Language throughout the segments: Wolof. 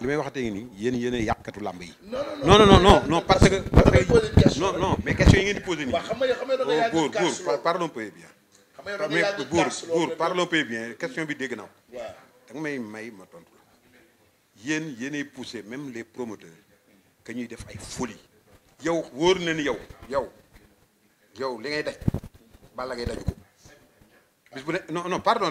non non non non non parce que. non non mais question bien. parlons bien question poussé même les promoteurs que def ay folie. non non pardon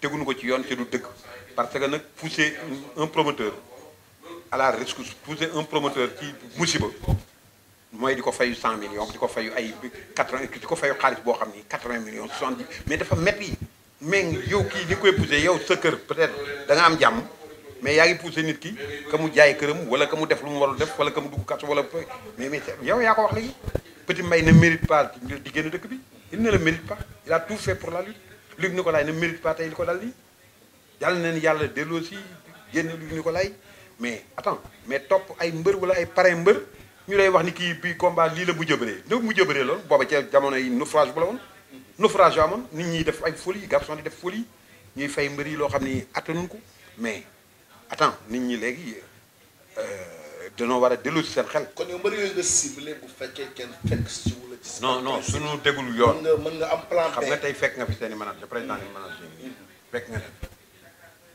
teguñu ko ci yoon te du dëgg parce que nag pousser un promoteur à la rescousse pousser un promoteur ci musiba mooy di ko fayu 100 millions di ko fayu ay 80 vingt di ko fayu xaalis boo xam ni quatre millions 70 mais dafa metti mais yow kii ni koy pousser yow sa kër peut-être da nga am jàmm mais yaa ngi pousser nit ki ka mu jaay këram wala ka mu def lu mu warul def wala ka mu dugg kaso wala mais mais yow yaa ko wax léegi Petit Mbaye ne mérite pas di génn dëkk bi il ne le mérite pas il a tout fait pour la lutte Luc Nicolaï ne mérite pas tey li ko dal li yàlla neen yàlla delloosi génn Luc Nicolaï mais attends mais topp ay mbër wala ay pare mbër ñu lay wax ni kii bi combat lii la bu jëbëree ne mu jëbëree loolu booba ca jamono yi naufrage bu la woon naufrage yoo amoon nit ñi def ay folie garçon di def folie ñuy fay mbër yi loo xam ni attanuñ ko mais attends nit ñi léegi euh, dañoo war a dellu si seen xel. kon yow mbër yooyu nga ciblé bu fekkee kenn fekk si wu la. ci non non suñu déglu yoon. mën nga mën nga am plan xam nga tey fekk nga fi seen i manager président yi manager yi fekk nga leen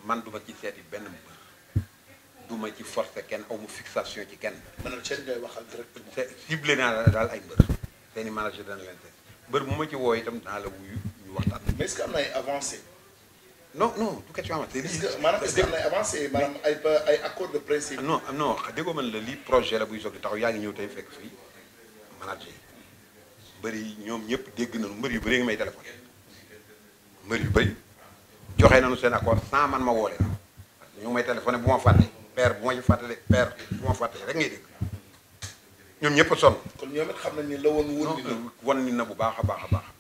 man du ma ci seeti benn mbër du ma ci forcer kenn aw ma fixation ci kenn. a seen ngay waxal directement. ciblé naa daal ay mbër seen i manager dana leen seet mbër bu ma ci woo itam dinaa la wuyu ñu waxtaan. mais est-ce que am na ay avancé non non du question amati. lii maanaam est-ce que lay avancé maanaam ay ay accord de principe. non non déggoo man la lii projet la buy soog di taxaw yaa ngi ñëw tey fekk fii manager yi mbër yi ñoom ñëpp dégg nañu mbër yu bëri ngi may téléphone mbër yu bëri joxe nañu seen accord sans man ma woole ñu ngi may téléphoné bu ma fàtte père bu ma ci fàttali père bu ma fàtte rek ngay dégg ñoom ñëpp a sonn. kon ñoom it xam nañ ne la woon. wóor na woon na bu baax a baax a baax.